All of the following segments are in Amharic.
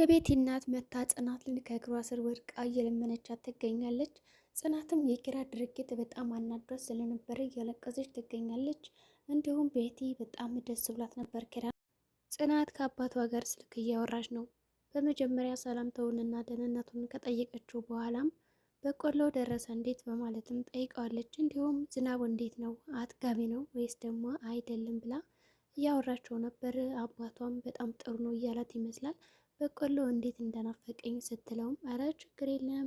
የቤቲ እናት መታ ጽናትን ከእግሯ ስር ወድቃ እየለመነቻት ትገኛለች። ጽናትም የኪራ ድርጊት በጣም አናዷት ስለነበረ እያለቀሰች ትገኛለች። እንዲሁም ቤቲ በጣም ደስ ብላት ነበር። ኪራ ጽናት ከአባቷ ጋር ስልክ እያወራች ነው። በመጀመሪያ ሰላምታውንና ደህንነቱን ከጠየቀችው በኋላም በቆሎ ደረሰ እንዴት በማለትም ጠይቀዋለች። እንዲሁም ዝናቡ እንዴት ነው አጥጋቢ ነው ወይስ ደግሞ አይደለም ብላ እያወራቸው ነበር። አባቷም በጣም ጥሩ ነው እያላት ይመስላል። በቆሎ እንዴት እንደናፈቀኝ ስትለውም አረ ችግር የለም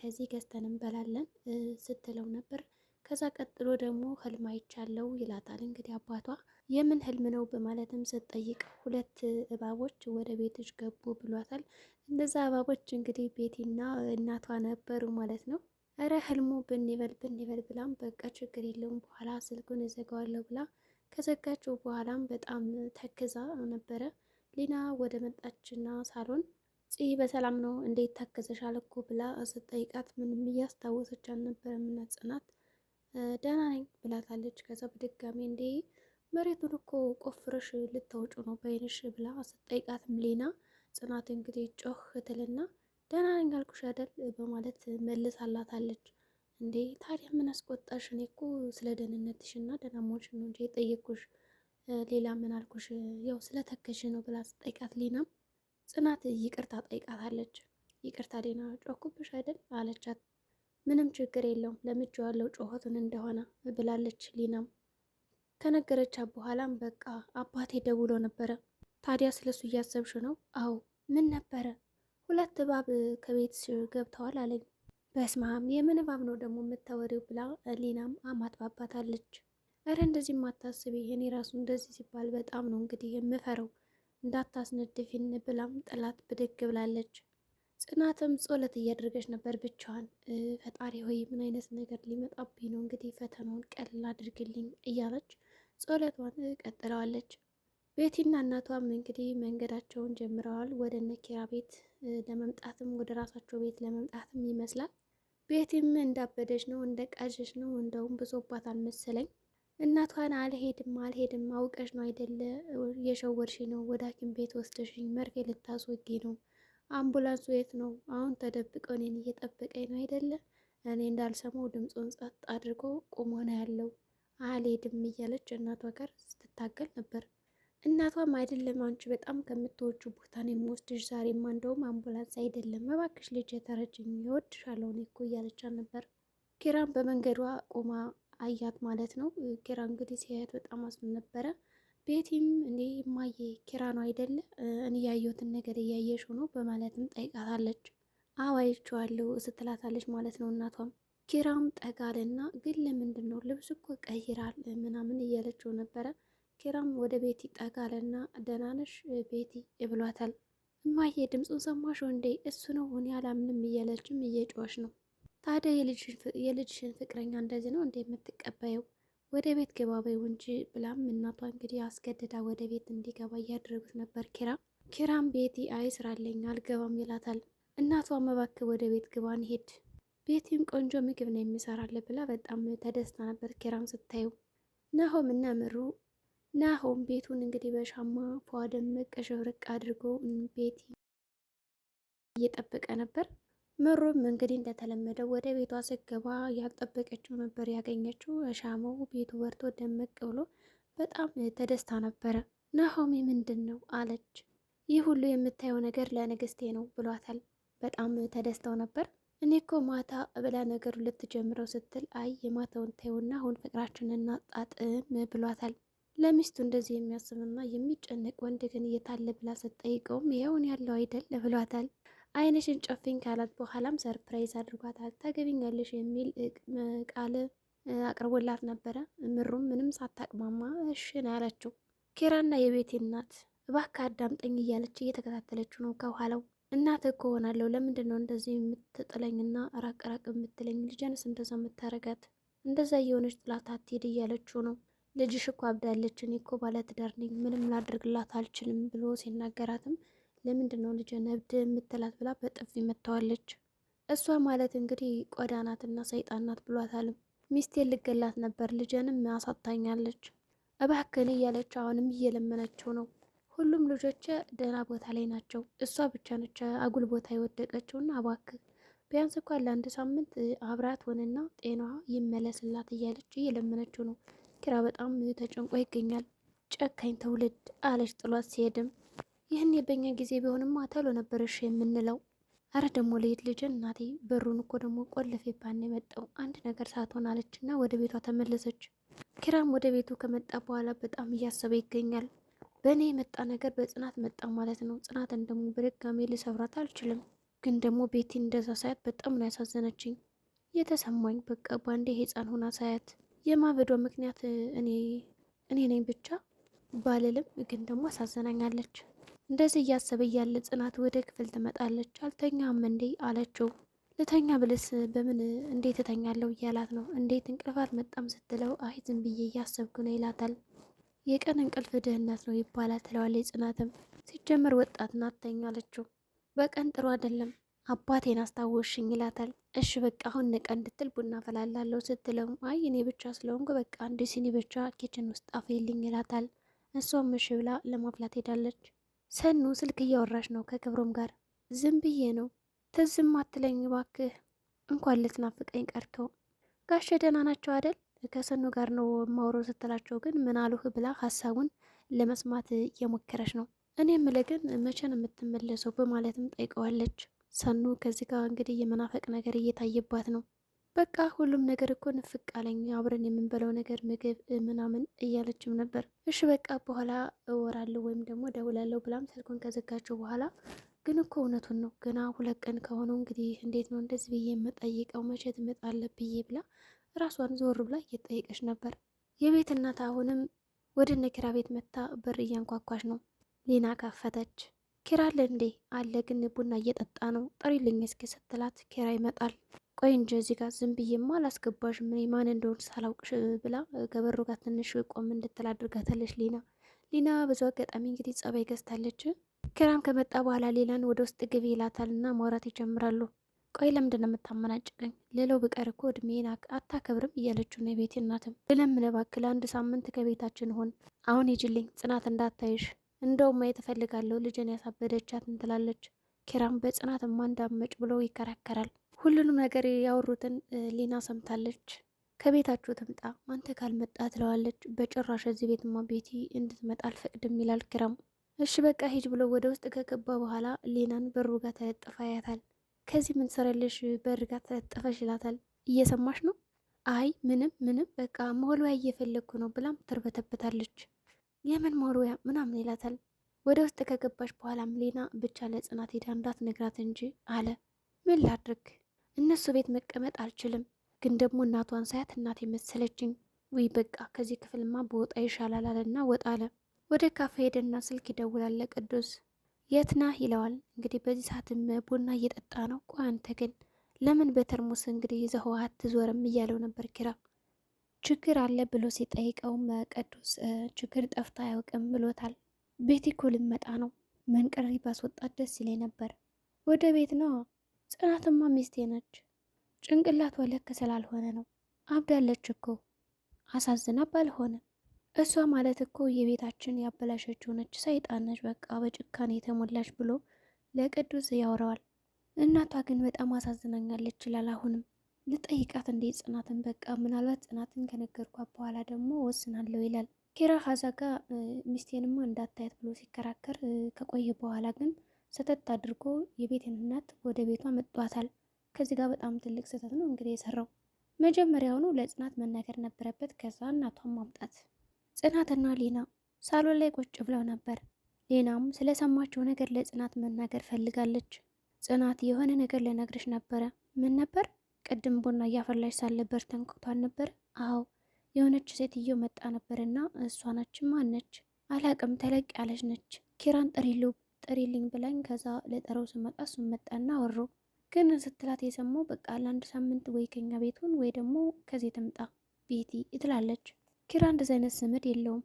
ከዚህ ገዝተን እንበላለን ስትለው ነበር። ከዛ ቀጥሎ ደግሞ ህልም አይቻለው ይላታል። እንግዲህ አባቷ የምን ህልም ነው በማለትም ስትጠይቅ ሁለት እባቦች ወደ ቤትሽ ገቡ ብሏታል። እነዛ እባቦች እንግዲህ ቤቲና እናቷ ነበሩ ማለት ነው። እረ ህልሙ ብንበል ብንበል ብላም በቃ ችግር የለውም በኋላ ስልኩን እዘጋዋለሁ ብላ ከዘጋችው በኋላም በጣም ተክዛ ነበረ። ሊና ወደ መጣችና ሳሎን ጽ በሰላም ነው እንዴት ታከዘሻል እኮ ብላ ስትጠይቃት ምንም እያስታወሰች አልነበረም። እና ጽናት ደህና ነኝ ብላታለች። ከዛ በድጋሚ እንዴ መሬቱን እኮ ቆፍረሽ ልታወጩ ነው በይንሽ ብላ ስጠይቃትም ሊና ጽናት እንግዲህ ጮህ ትልና ደህና ነኝ አልኩሽ አይደል በማለት መልሳላታለች። እንዴ ታዲያ ምን አስቆጣሽ? እኔ እኮ ስለ ደህንነትሽ እና ደህና መሆንሽ ነው እንጂ የጠየቅኩሽ ሌላ ምን አልኩሽ? ያው ስለተከሽ ነው ብላ ስጠይቃት ሊናም ጽናት ይቅርታ ጠይቃታለች። ይቅርታ ሊና ጮኩብሽ አይደል አለቻት። ምንም ችግር የለውም ለምጅ ያለው ጮኸቱን እንደሆነ ብላለች። ሊናም ከነገረቻት በኋላም በቃ አባቴ ደውሎ ነበረ። ታዲያ ስለሱ እያሰብሽ ነው? አዎ። ምን ነበረ? ሁለት እባብ ከቤት ገብተዋል አለኝ። በስማም የምን እባብ ነው ደግሞ የምታወሪው? ብላ ሊናም አማትባባታለች። እረ እንደዚህ ማታስብ ይሄኔ ራሱ እንደዚህ ሲባል በጣም ነው እንግዲህ የምፈረው እንዳታስነድፊን ብላም ጥላት ብድግ ብላለች። ጽናትም ጸሎት እያደረገች ነበር ብቻዋን። ፈጣሪ ሆይ ምን አይነት ነገር ሊመጣብኝ ነው እንግዲህ ፈተናውን ቀልል አድርግልኝ እያለች ጸሎቷን ቀጥለዋለች። ቤቲና እናቷም እንግዲህ መንገዳቸውን ጀምረዋል። ወደ ነኪራ ቤት ለመምጣትም ወደ ራሳቸው ቤት ለመምጣትም ይመስላል። ቤቲም እንዳበደች ነው እንደ ነው እንደውም ብሶባታል መሰለኝ። እናቷን አልሄድም አልሄድም አውቀሽ ነው አይደለ የሸወርሽ ነው ወደ ሐኪም ቤት ወስደሽኝ መርፌ ልታስወጊ ነው። አምቡላንሱ የት ነው? አሁን ተደብቀው እኔን እየጠበቀኝ ነው አይደለ? እኔ እንዳልሰማው ድምፁን ጸጥ አድርጎ ቆሞ ነው ያለው። አልሄድም እያለች እናቷ ጋር ስትታገል ነበር። እናቷም አይደለም አንቺ በጣም ከምትወጁ ቦታ ነው የምወስድሽ፣ ዛሬማ እንደውም አምቡላንስ አይደለም እባክሽ ልጅ የተረጅኝ ይወድሻለሁ እኔ እኮ ነበር። ኪራም በመንገዷ ቆማ አያት ማለት ነው። ኪራ እንግዲህ ሲያያት በጣም አዝኖ ነበረ። ቤቲም እንዴ ማዬ ኪራ ነው አይደለ? እኔ ያየሁትን ነገር እያየሽ ነው በማለትም ጠይቃታለች። አዋይችዋለሁ ስትላታለች ማለት ነው። እናቷም ኪራም ጠጋልና ግን ለምንድን ነው ልብስ እኮ ቀይራል ምናምን እያለችው ነበረ። ኪራም ወደ ቤቲ ጠጋልና ደናነሽ ቤቲ ይብሏታል። እማዬ ድምፁን ሰማሽው እንዴ? እሱ ነው እኔ አላምንም እያለችም እየጮሽ ነው ታዲያ የልጅሽን ፍቅረኛ እንደዚህ ነው እንደ የምትቀበየው? ወደ ቤት ግባ በይው እንጂ ብላም እናቷ እንግዲህ አስገድዳ ወደ ቤት እንዲገባ እያደረጉት ነበር። ኪራ ኪራም ቤቲ አይ ስራለኝ አልገባም ይላታል። እናቷ መባክ ወደ ቤት ግባ እንሂድ፣ ቤቲም ቆንጆ ምግብ ነው የሚሰራለ ብላ በጣም ተደስታ ነበር። ኪራም ስታየው ናሆም እና ምሩ ናሆም ቤቱን እንግዲህ በሻማ ፏ ደምቅ ሽብርቅ አድርጎ ቤቲ እየጠበቀ ነበር። ምሩም እንግዲህ እንደተለመደው ወደ ቤቷ ስገባ ያልጠበቀችው ነበር ያገኘችው። ሻማው ቤቱ በርቶ ደመቅ ብሎ በጣም ተደስታ ነበረ። ናሆሚ ምንድን ነው አለች። ይህ ሁሉ የምታየው ነገር ለንግስቴ ነው ብሏታል። በጣም ተደስተው ነበር። እኔ እኮ ማታ ብላ ነገሩ ልትጀምረው ስትል አይ የማታውን ታየውና አሁን ፍቅራችንን እናጣጥም ብሏታል። ለሚስቱ እንደዚህ የሚያስብና የሚጨነቅ ወንድ ግን እየታለ ብላ ስትጠይቀውም ይኸውን ያለው አይደል ብሏታል። አይንሽን ጨፍኝ ካላት በኋላም ሰርፕራይዝ አድርጓታል። ታገቢኛለሽ የሚል ቃል አቅርቦላት ነበረ። ምሩም ምንም ሳታቅማማ እሽ ነው ያለችው። ኪራና የቤቴ እናት እባክህ አዳምጠኝ እያለች እየተከታተለችው ነው ከኋላው። እናት እኮ ሆናለሁ ለምንድን ነው እንደዚህ የምትጥለኝና ራቅ ራቅ የምትለኝ? ልጄንስ እንደዛ የምታረጋት እንደዛ እየሆነች ጥላት አትሄድ እያለችው ነው። ልጅሽ እኮ አብዳለች፣ እኔ እኮ ባለትዳር ነኝ፣ ምንም ላድርግላት አልችልም ብሎ ሲናገራትም ለምንድን ነው ልጅ ነብድ የምትላት ብላ በጥፊ መታዋለች። እሷ ማለት እንግዲህ ቆዳናትና ሰይጣናት ብሏታልም። ሚስቴ ልገላት ነበር ልጀንም አሳታኛለች እባክን እያለች አሁንም እየለመነችው ነው። ሁሉም ልጆች ደህና ቦታ ላይ ናቸው። እሷ ብቻ ነች አጉል ቦታ የወደቀችውና እባክህ ቢያንስ እንኳን ለአንድ ሳምንት አብራት ሆነና ጤናዋ ይመለስላት እያለች እየለመነችው ነው። ኪራ በጣም ተጨንቆ ይገኛል። ጨካኝ ትውልድ አለች ጥሏት ሲሄድም ይህን የበኛ ጊዜ ቢሆንማ ተሎ ነበረሽ የምንለው። አረ ደግሞ ልሂድ ልጅ እናቴ፣ በሩን እኮ ደግሞ ቆልፌ ባን የመጣው አንድ ነገር ሳትሆን እና ወደ ቤቷ ተመለሰች። ኪራም ወደ ቤቱ ከመጣ በኋላ በጣም እያሰበ ይገኛል። በእኔ የመጣ ነገር በጽናት መጣ ማለት ነው። ጽናትን ደግሞ በድጋሜ ልሰብራት አልችልም። ግን ደግሞ ቤቲ እንደዛ ሳያት በጣም ነው ያሳዘነችኝ የተሰማኝ። በቃ ባንዴ ሕፃን ሆና ሳያት የማበዷ ምክንያት እኔ እኔ ነኝ ብቻ ባልልም፣ ግን ደግሞ አሳዘናኛለች። እንደዚህ እያሰበ እያለ ጽናት ወደ ክፍል ትመጣለች። አልተኛም እንዴ አለችው። ልተኛ ብልስ በምን እንዴት እተኛለሁ እያላት ነው። እንዴት እንቅልፍ አልመጣም ስትለው አይ ዝም ብዬ እያሰብኩ ነው ይላታል። የቀን እንቅልፍ ድህነት ነው ይባላል ትለዋለች። ጽናትም ሲጀመር ወጣት ናት ተኛ አለችው። በቀን ጥሩ አይደለም አባቴን አስታወሽኝ ይላታል። እሺ በቃ አሁን ንቀ እንድትል ቡና ፈላላለሁ ስትለው አይ እኔ ብቻ ስለሆንኩ በቃ አንድ ሲኒ ብቻ ኪችን ውስጥ አፍይልኝ ይላታል። እሷም እሺ ብላ ለማፍላት ሄዳለች። ሰኑ ስልክ እያወራች ነው ከክብሮም ጋር። ዝም ብዬ ነው ትዝም አትለኝ ባክህ። እንኳን ልትናፍቀኝ ቀርቶ ጋሸ ደህና ናቸው አደል? ከሰኑ ጋር ነው ማውሮ ስትላቸው ግን ምን አሉህ ብላ ሀሳቡን ለመስማት እየሞከረች ነው። እኔ ምለ ግን መቼ ነው የምትመለሰው በማለትም ጠይቀዋለች። ሰኑ ከዚህ ጋር እንግዲህ የመናፈቅ ነገር እየታየባት ነው። በቃ ሁሉም ነገር እኮ ንፍቅ አለኝ፣ አብረን የምንበለው ነገር ምግብ ምናምን እያለችም ነበር። እሺ በቃ በኋላ እወራለሁ ወይም ደግሞ ደውላለሁ ብላም ስልኩን ከዘጋችው በኋላ ግን እኮ እውነቱን ነው። ገና ሁለት ቀን ከሆነው እንግዲህ እንዴት ነው እንደዚህ ብዬ የምጠይቀው መቼ ትመጣለ ብዬ ብላ ራሷን ዞር ብላ እየጠየቀች ነበር። የቤት እናት አሁንም ወደ እነ ኪራ ቤት መታ በር እያንኳኳች ነው። ሊና ከፈተች። ኪራ አለ እንዴ? አለ ግን ቡና እየጠጣ ነው፣ ጥሪልኝ እስኪ ስትላት ኪራ ይመጣል። ቆይ እንጂ እዚህ ጋር ዝም ብዬማ አላስገባሽ ምን ማን እንደሆን ሳላውቅሽ ብላ ከበሩ ጋር ትንሽ ቆም እንድትል አድርጋታለች። ሊና ሊና ብዙ አጋጣሚ እንግዲህ ጸባይ ገዝታለች። ኪራም ከመጣ በኋላ ሌላን ወደ ውስጥ ግቢ ይላታል እና ማውራት ይጀምራሉ። ቆይ ለምንድን ነው የምታመናጭቀኝ? ሌላው ብቀር እኮ እድሜን አታከብርም እያለችው ነው የቤት እናትም። ልለምነ ባክል አንድ ሳምንት ከቤታችን ሆን አሁን ይጅልኝ ጽናት እንዳታይሽ እንደውም ማየት እፈልጋለሁ ልጅን ያሳበደቻት እንትላለች። ኪራም በጽናትማ እንዳመጭ ብሎ ይከራከራል። ሁሉንም ነገር ያወሩትን ሊና ሰምታለች። ከቤታችሁ ትምጣ አንተ ካልመጣ ትለዋለች። በጭራሽ እዚህ ቤትማ ቤቲ እንድትመጣ አልፈቅድም ይላል ኪራም። እሺ በቃ ሂጅ ብሎ ወደ ውስጥ ከገባ በኋላ ሊናን በሩ ጋር ተለጥፋ ያታል። ከዚህ ምን በር ጋር ተለጥፈሽ ይላታል። እየሰማሽ ነው? አይ ምንም ምንም በቃ መወልወያ እየፈለግኩ ነው ብላም ትርበተበታለች። የምን መወልወያ ምናምን ይላታል። ወደ ውስጥ ከገባች በኋላም ሌና ብቻ ለጽናት ሄዳ እንዳትነግራት እንጂ አለ። ምን ላድርግ እነሱ ቤት መቀመጥ አልችልም፣ ግን ደግሞ እናቷን ሳያት እናቴ መሰለችኝ። ውይ በቃ ከዚህ ክፍልማ በወጣ ይሻላል አለና ወጣ አለ። ወደ ካፌ ሄደና ስልክ ይደውላል ለቅዱስ። የት ነህ ይለዋል። እንግዲህ በዚህ ሰዓትም ቡና እየጠጣ ነው። ቆይ አንተ ግን ለምን በተርሙስ እንግዲህ ይዘኸው አትዞርም እያለው ነበር ኪራ ችግር አለ ብሎ ሲጠይቀውም ቅዱስ ችግር ጠፍቶ አያውቅም ብሎታል። ቤት እኮ ልመጣ ነው። መንቀሪ ባስወጣት ደስ ይለኝ ነበር። ወደ ቤት ነው ጽናትማ ሚስቴ ነች። ጭንቅላቷ ልክ ስላልሆነ ነው። አብዳለች እኮ አሳዝና ባልሆነ እሷ ማለት እኮ የቤታችን ያበላሸችው ነች፣ ሰይጣን ነች፣ በቃ በጭካኔ የተሞላች ብሎ ለቅዱስ ያወረዋል። እናቷ ግን በጣም አሳዝናኛለች ይላል። አሁንም ልጠይቃት እንዴ ጽናትን በቃ ምናልባት ጽናትን ከነገርኳት በኋላ ደግሞ ወስናለሁ ይላል። ኪራ ሀዛጋ ሚስቴንማ እንዳታየት ብሎ ሲከራከር ከቆየ በኋላ ግን ሰተት አድርጎ የቤቴን እናት ወደ ቤቷ መጥቷታል። ከዚህ ጋር በጣም ትልቅ ስህተት ነው እንግዲህ የሰራው። መጀመሪያውኑ ለጽናት መናገር ነበረበት፣ ከዛ እናቷን ማምጣት። ጽናትና ሌና ሳሎን ላይ ቁጭ ብለው ነበር። ሌናም ስለሰማችው ነገር ለጽናት መናገር ፈልጋለች። ጽናት የሆነ ነገር ልነግርሽ ነበረ። ምን ነበር? ቅድም ቡና እያፈላሽ ሳለ በር ተንኳኳ ነበር። አዎ የሆነች ሴትዮ መጣ ነበርና እሷ ነች። ማነች? አላቅም። ተለቅ ያለች ነች። ኪራን ጥሪሉ ጥሪልኝ ብላኝ ከዛ ለጠረው ስመጣ እሱን መጣና ወሮ ግን ስትላት የሰማው በቃ ለአንድ ሳምንት ወይ ከኛ ቤቱን ወይ ደግሞ ከዚህ ትምጣ ቤቲ ትላለች። ኪራ እንደዚ አይነት ስምድ የለውም።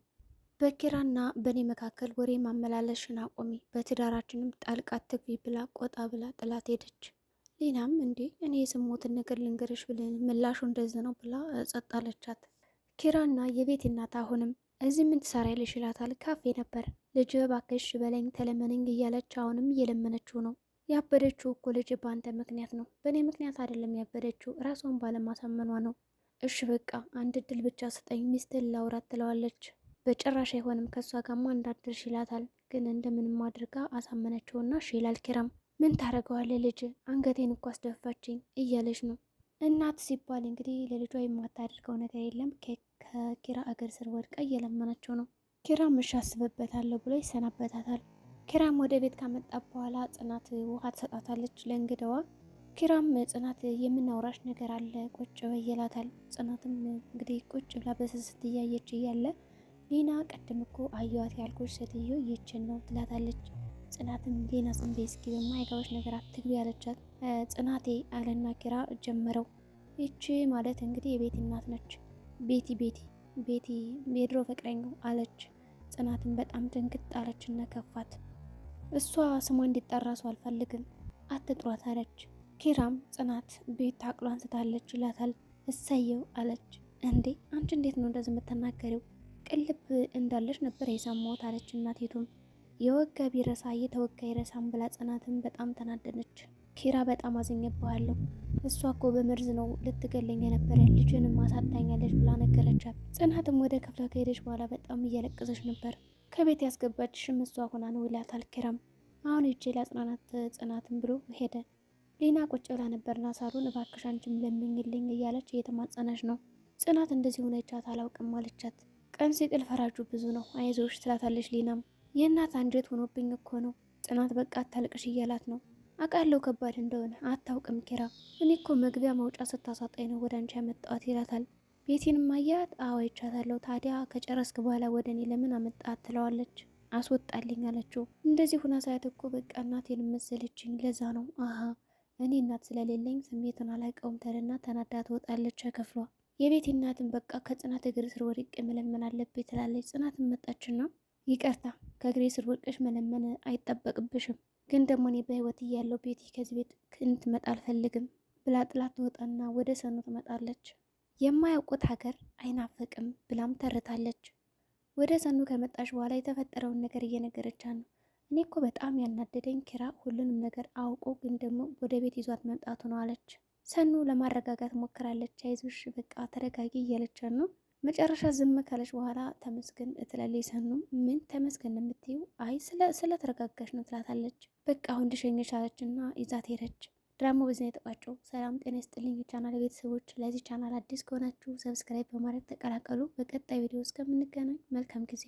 በኪራና በእኔ መካከል ወሬ ማመላለስሽን አቆሚ፣ በትዳራችንም ጣልቃ ትግቢ ብላ ቆጣ ብላ ጥላት ሄደች። ሌናም እንዴ እኔ የስሞትን ነገር ልንገርሽ ብለን ምላሹ እንደዚ ነው ብላ ጸጥ አለቻት። ኪራና የቤት እናት አሁንም እዚህ ምን ትሰሪያለሽ ይላታል። ካፌ ነበር ልጅ ባክሽ በለኝ ተለመነኝ እያለች አሁንም እየለመነችው ነው። ያበደችው እኮ ልጅ በአንተ ምክንያት ነው፣ በእኔ ምክንያት አይደለም ያበደችው፣ ራሷን ባለማሳመኗ ነው። እሺ በቃ አንድ እድል ብቻ ስጠኝ፣ ሚስትህን ላውራት ትለዋለች። በጭራሽ አይሆንም ከእሷ ጋማ እንዳደርሽ ይላታል። ግን እንደምንም አድርጋ አሳመነችውና እሺ ይላል። ኪራም ምን ታደርገዋለህ ልጅ አንገቴን እኮ አስደፋችኝ እያለች ነው። እናት ሲባል እንግዲህ ለልጇ የማታደርገው ነገር የለም። ከኪራ እግር ስር ወድቃ እየለመነችው ነው። ኪራም እሺ አስብበታለሁ ብሎ ይሰናበታታል። ኪራም ወደ ቤት ካመጣ በኋላ ጽናት ውሃ ትሰጣታለች ለእንግዳዋ። ኪራም ጽናት የምናውራሽ ነገር አለ ቁጭ በይ ይላታል። ጽናትም እንግዲህ ቁጭ ብላ በስስት እያየች እያለ ሊና ቀድም እኮ አየዋት ያልኩሽ ሴትዮ ይችን ነው ትላታለች። ጽናትም ሊና ዝም እስኪ በማይገባሽ ነገር አትግቢ ያለቻት ጽናቴ አለና ኪራ ጀመረው። ይቺ ማለት እንግዲህ የቤት እናት ነች። ቤቲ ቤቲ ቤቲ የድሮ ፍቅረኛው አለች ጽናትን በጣም ድንግጥ አለችና ከፋት። እሷ ስሟ እንዲጠራ ሰው አልፈልግም አትጥሯት አለች። ኪራም ጽናት ቤት አቅሎ አንስታለች ይላታል። እሰየው አለች። እንዴ አንቺ እንዴት ነው እንደዚህ የምትናገሪው? ቅልብ እንዳለች ነበር የሰማሁት አለች እናቴቱም የወጋ ቢረሳ የተወጋ ይረሳም ብላ ጽናትን በጣም ተናደደች። ኪራ በጣም አዘኘባለሁ። እሷ እኮ በመርዝ ነው ልትገለኝ የነበረ ልጅንም ማሳታኛለች ብላ ነገረቻት። ጽናትም ወደ ክፍሏ ከሄደች በኋላ በጣም እያለቀሰች ነበር። ከቤት ያስገባችሽም እሷ ሆና ነው ይላታል ኪራም። አሁን እጄ ላጽናናት ጽናትም ብሎ ሄደ። ሌና ቁጭ ብላ ነበርና ሳሩን እባክሽ አንቺም ለምኝልኝ እያለች እየተማጸነች ነው። ጽናት እንደዚህ ሆነቻት አላውቅም አለቻት። ቀን ሲጥል ፈራጁ ብዙ ነው አይዞሽ ትላታለች። ሌናም የእናት አንጀት ሆኖብኝ እኮ ነው ጽናት በቃ አታልቅሽ እያላት ነው አቃለው ከባድ እንደሆነ አታውቅም ኪራ። እኔ እኮ መግቢያ መውጫ ስታሳጣኝ ነው ወደ አንቺ ያመጣዋት ይላታል። ቤቴን ማያት አዋ ይቻታለሁ። ታዲያ ከጨረስክ በኋላ ወደ እኔ ለምን አመጣት ትለዋለች። አስወጣልኝ አለችው። እንደዚህ ሁና ሳያት እኮ በቃ እናቴን መሰለችኝ። ለዛ ነው አሀ እኔ እናት ስለሌለኝ ስሜትን አላቀውም ተለና ተናዳ ትወጣለች። ከፍሏ የቤት እናትን በቃ ከጽናት እግር ስር ወድቄ መለመን አለብኝ ትላለች። ጽናትን መጣችና ይቅርታ ከእግሬ ስር ወድቀሽ መለመን አይጠበቅብሽም ግን ደግሞ እኔ በህይወት እያለሁ ቤቲ ከዚህ ቤት እንድትመጣ አልፈልግም ብላ ጥላት ትወጣና ወደ ሰኑ ትመጣለች። የማያውቁት ሀገር አይናፈቅም ብላም ተርታለች። ወደ ሰኑ ከመጣች በኋላ የተፈጠረውን ነገር እየነገረቻ ነው። እኔ እኮ በጣም ያናደደኝ ኪራ ሁሉንም ነገር አውቆ ግን ደግሞ ወደ ቤት ይዟት መምጣቱ ነው አለች። ሰኑ ለማረጋጋት ሞክራለች። አይዞሽ በቃ ተረጋጊ እያለቻን ነው መጨረሻ ዝም ካለች በኋላ ተመስገን ትላለች። ሰኑም ምን ተመስገን የምትይው? አይ ስለተረጋጋሽ ነው ትላታለች። በቃ አሁን ልሸኝሽ አለችና ይዛት ሄደች። ድራማ በዚህ ነው የተቋጨው። ሰላም ጤና ይስጥልኝ የቻናል ቤተሰቦች። ለዚህ ቻናል አዲስ ከሆናችሁ ሰብስክራይብ በማድረግ ተቀላቀሉ። በቀጣይ ቪዲዮ እስከምንገናኝ መልካም ጊዜ